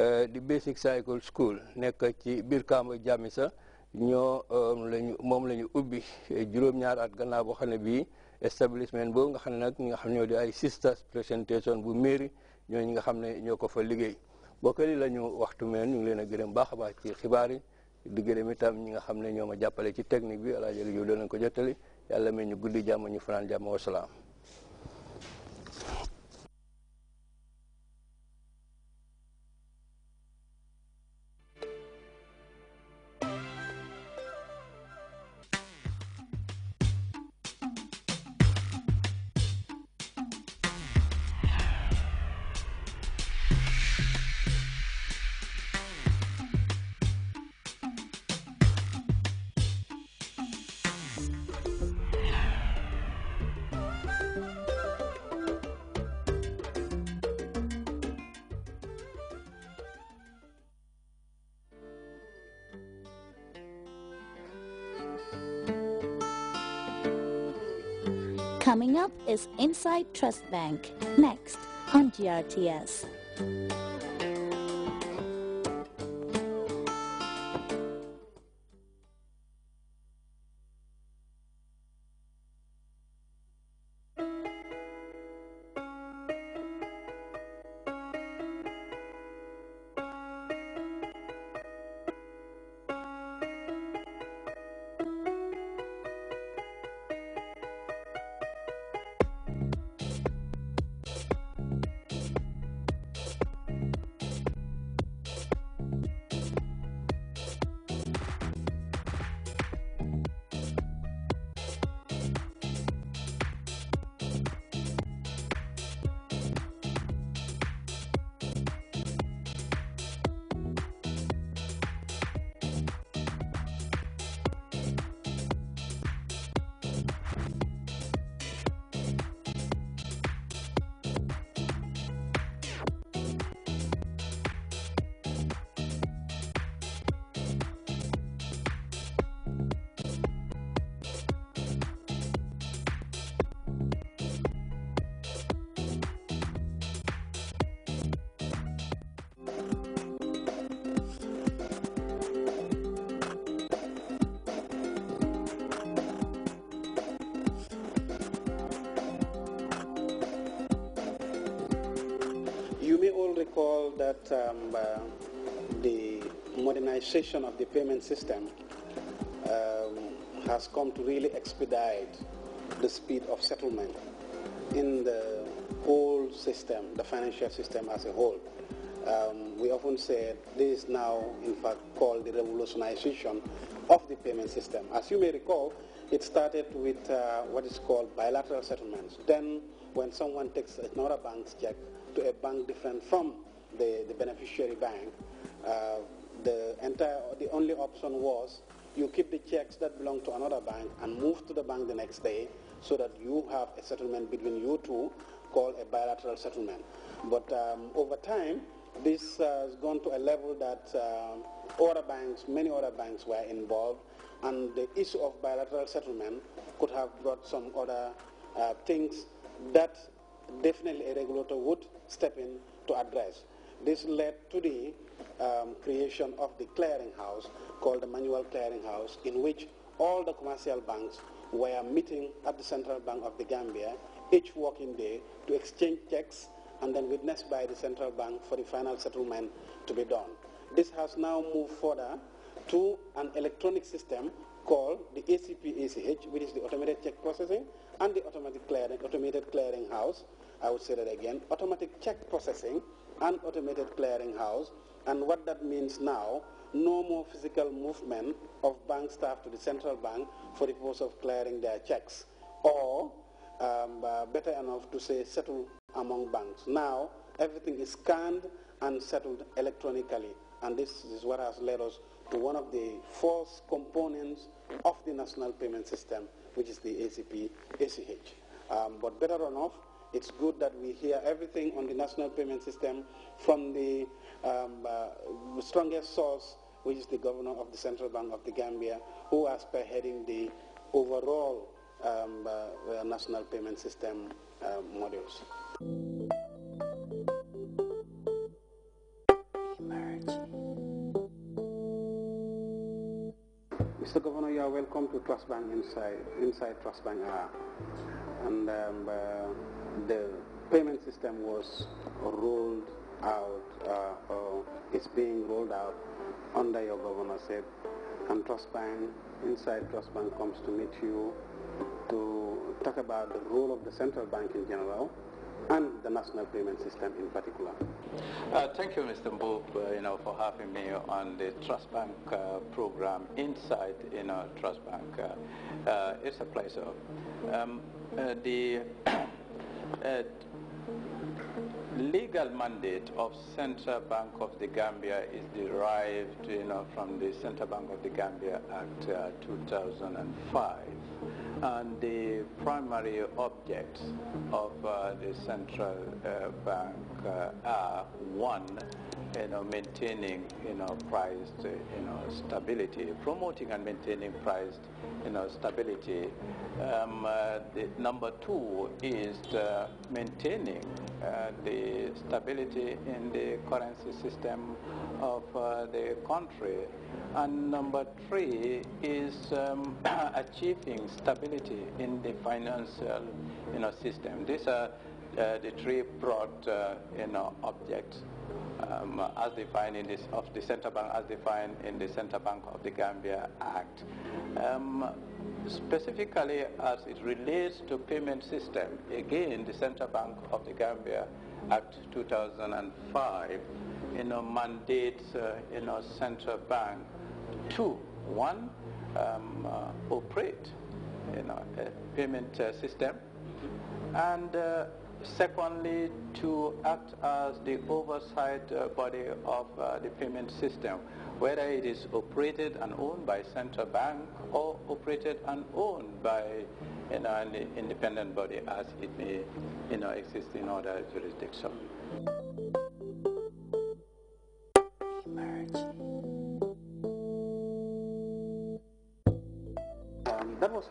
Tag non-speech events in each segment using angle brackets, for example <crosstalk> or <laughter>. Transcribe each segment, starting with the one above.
Euh, di basic cycle school nekk ci biir kaam Kaama Jamisa ñoo euh, lañu moom la ñu ubbi juróom-ñaar at gannaaw boo xam ne bii establishment boobu nga xam ne nag ñi nga xam ñoo di ay sisters présentation bu mairie ñoo ñi nga xam ne ñoo ko fa liggéey bokkali la ñu waxtu meen ñu ngi leen a gërëm baax a baax ci xibaar yi di gërëm itam ñi nga xam ne ñoom ma jàppale ci technique bi alaaji yow doo leen ko jottali yàlla may ñu guddi jàmm ñu fanaan jàmm wasalaam Coming up is Inside Trust Bank, next on GRTS. recall that um, uh, the modernization of the payment system um, has come to really expedite the speed of settlement in the whole system, the financial system as a whole. Um, we often say this is now, in fact, called the revolutionization of the payment system. As you may recall, it started with uh, what is called bilateral settlements. Then when someone takes another bank's check, to a bank different from the, the beneficiary bank, uh, the entire the only option was you keep the checks that belong to another bank and move to the bank the next day so that you have a settlement between you two called a bilateral settlement. But um, over time, this has gone to a level that uh, other banks, many other banks were involved, and the issue of bilateral settlement could have brought some other uh, things that definitely a regulator would step in to address. This led to the um, creation of the clearinghouse called the Manual Clearinghouse, in which all the commercial banks were meeting at the Central Bank of the Gambia each working day to exchange checks and then witnessed by the Central Bank for the final settlement to be done. This has now moved further to an electronic system called the ACPACH, which is the automated check processing, and the automatic clearing, automated clearing house. I would say that again, automatic check processing and automated clearing house. And what that means now, no more physical movement of bank staff to the central bank for the purpose of clearing their checks, or um, uh, better enough to say settle among banks. Now, everything is scanned and settled electronically. And this is what has led us to one of the four components of the national payment system, which is the ACP, ACH. Um, but better on off, it's good that we hear everything on the national payment system from the um, uh, strongest source, which is the governor of the Central Bank of the Gambia, who is spearheading the overall um, uh, uh national payment system uh, modules. Mr. Governor, you are welcome to Trust Bank Inside, inside Trust Bank ah. And um, uh, the payment system was rolled out, uh, or it's being rolled out under your governorship. And Trust Bank, Inside Trust Bank comes to meet you to talk about the role of the central bank in general and the national payment system in particular. Uh, thank you, Mr. Mbop, uh, you know, for having me on the Trust Bank uh, program inside, you know, Trust Bank. Uh, uh, it's a pleasure. Um, uh, the <coughs> legal mandate of Central Bank of the Gambia is derived, you know, from the Central Bank of the Gambia Act 2005 and the primary objects of uh, the central uh, bank uh, are one, you know, maintaining you know price you know stability, promoting and maintaining price you know stability. Um, uh, the, number two is uh, maintaining uh, the stability in the currency system of uh, the country. And number three is um, <coughs> achieving stability in the financial you know, system. These are uh, the three broad uh, you know, objects um, as defined in this of the central bank as defined in the Central Bank of the Gambia Act. Um, specifically as it relates to payment system, again the Central Bank of the Gambia Act 2005 you know, mandates uh, you know, central bank to one um, uh, operate you know, a payment uh, system and uh, Secondly, to act as the oversight uh, body of uh, the payment system, whether it is operated and owned by central bank or operated and owned by you know, an independent body as it may you know, exist in other jurisdictions.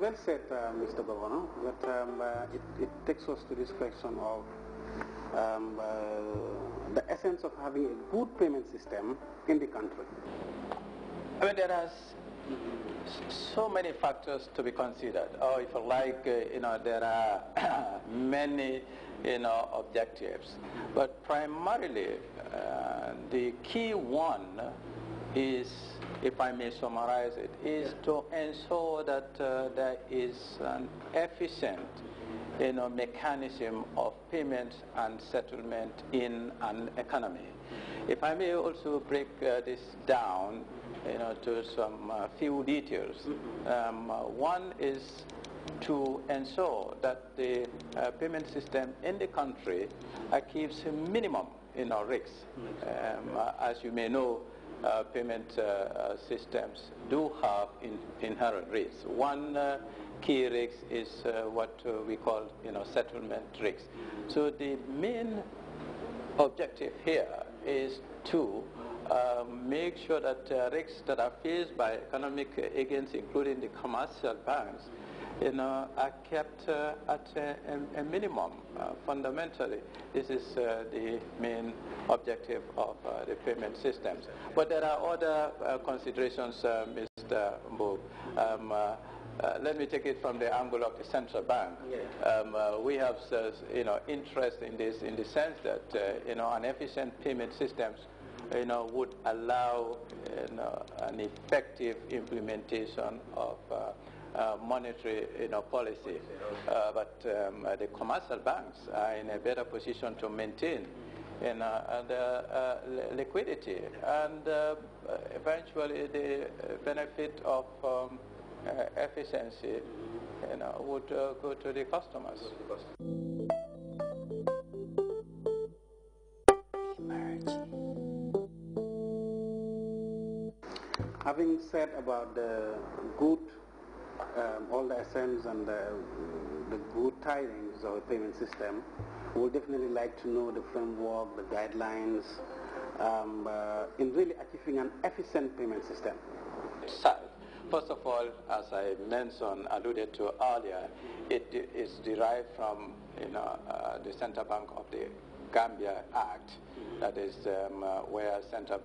well said, uh, Mr. Bavano. but um, uh, it, it, takes us to this question of um, uh, the essence of having a good payment system in the country. I mean, there are so many factors to be considered, or oh, if you like, uh, you know, there are <coughs> many, you know, objectives. But primarily, uh, the key one is if I may summarize it, is yeah. to ensure that uh, there is an efficient you know, mechanism of payment and settlement in an economy. If I may also break uh, this down you know, to some uh, few details. Mm-hmm. Um, one is to ensure that the uh, payment system in the country keeps a minimum you know, risks. Mm-hmm. Um, uh, as you may know, uh, payment uh, uh, systems do have in, inherent risks. One uh, key risk is uh, what uh, we call you know, settlement risk. So the main objective here is to make sure that risks that are faced by economic agents, including the commercial banks, you know, are kept uh, at a, a minimum. Uh, fundamentally, this is uh, the main objective of uh, the payment systems. But there are other uh, considerations, uh, Mr. Mbog. Um, let me take it from the angle of the central bank. Yeah. Um, we have, you know, interest in this in the sense that, you know, an efficient payment systems you know, would allow you know, an effective implementation of uh, uh, monetary you know, policy. Uh, but um, uh, the commercial banks are in a better position to maintain you know, and, uh, uh, liquidity and uh, eventually the benefit of um, efficiency you know, would go to the customers. Having said about the good um, all the SMs and the, the good tidings of the payment system would definitely like to know the framework, the guidelines, um, uh, in really achieving an efficient payment system. So, first of all, as I mentioned, alluded to earlier, it is derived from you know, uh, the Central Bank of the Gambia Act, that is um, uh, where Central Bank